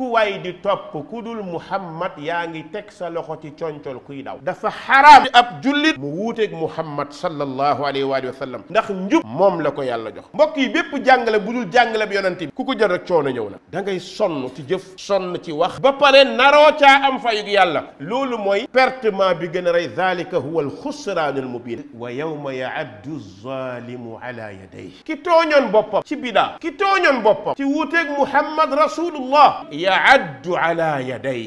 كواي دي توب كودول محمد يانغي تكسا لخو تي چونچول كوي داو دفا حرام اب جوليت موووتك محمد صلى الله عليه وآله وسلم نخ نجوب موم لكو يالا جوخ موكي بيب جانجل بودول جانجل بيونانتي كوكو جرد چونا نيونا دانجي سنو تي جف سنو تي وخ بپاري نارو تا ام فايق يالا لولو موي پرتما بيگن راي ذالك هو الخسران المبين ويوم يعد الظالم على يديه كي تونيون بوبا تي بدا كي تونيون بوبا تي ووتك محمد رسول الله يا يعد على يدي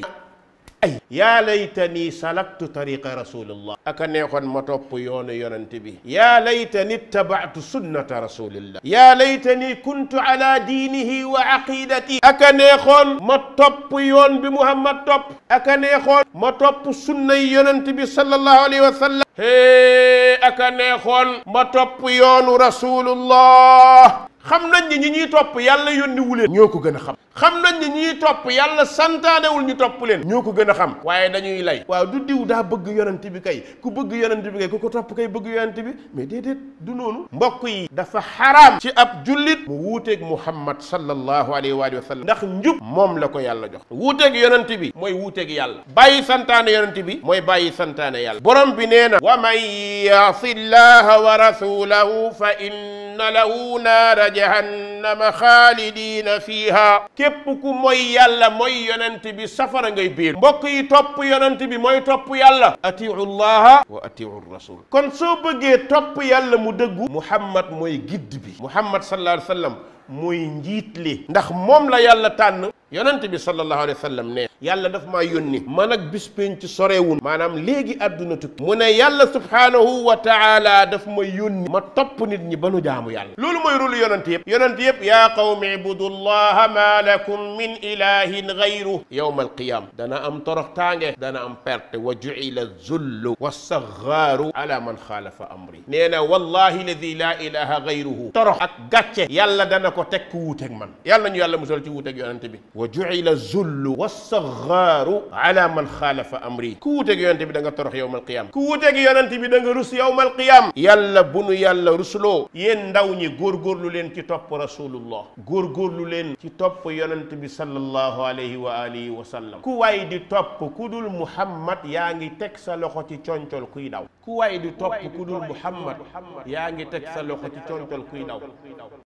أي يا ليتني سلكت طريق رسول الله أكن يكون مطوب يون ينتبه يا ليتني اتبعت سنة رسول الله يا ليتني كنت على دينه وعقيدتي أكن يكون مطوب يون بمحمد طب أكن يكون مطوب سنة ينتبه صلى الله عليه وسلم هي أكن يكون مطوب يون رسول الله xam nañ ni ñi ñuy yàlla yónni wu leen ñoo ko xam xam nañ ni ñuy topp yàlla santaanewul ñu topp leen ñoo ko gën a xam waaye dañuy lay waaw du diw daa bëgg yonent bi kay ku bëgg yonent bi kay ku ko topp kay bëgg yonent bi mais déedéet du noonu mbokk yi dafa xaraam ci ab jullit mu wuuteeg muhammad sallallahu alaihi wa sallam ndax njub moom la ko yàlla jox wuuteeg yonent bi mooy wuuteeg yàlla bàyyi santaane yonent bi mooy bàyyi santaane yàlla borom bi nee na wa man yaasi wa rasulahu fa in إن له نار جهنم خالدين فيها كيبكو موي يالا موي يوننتي بي سفر غاي بير بوكي توب يوننتي بي موي توب يالا اتي الله واتي الرسول كون سو بوغي توب يالا مو دغو محمد موي غيد بي محمد صلى الله عليه وسلم موي نجيت لي نده موم لا يالا تان yonent bi sallallahu alayhi wasallam ne yàlla daf ma yónni man ak bis pénc ci sorewul manam legi aduna tukki mu ne yàlla subhanahu wa taala daf ma yónni ma top nit ñi banu jaamu yàlla lolu moy rulu yonent yeb yonent yeb ya qawmi ibudullaha ma lakum min ilahin ghayru yawm alqiyam dana am torox tange dana am perte wa juila zullu wassaghaaru ala man xaalafa amri nee na wallahi ladi laa ilaha gayruhu torox ak gàcce yàlla dana ko teg ku wuuteeg man yàlla nañu yàlla musal ci wuuteeg yonent bi وجعل الذل والصغار على من خالف امري كوتك يا انتبه دنگا ترخ يوم القيامه كوتك يا انتبه دنگا رس يوم القيامه يلا بنو يلا رسلو ينداوني غرغر لين كتاب رسول الله غرغر لين كتاب يا انتبه صلى الله عليه وآله وسلم كواي دي توب كودول محمد يانجي تكسى لخوتي چونچول كوي داو كواي دي توب كودول محمد يانجي تكسى يعني لخوتي چونچول كوي داو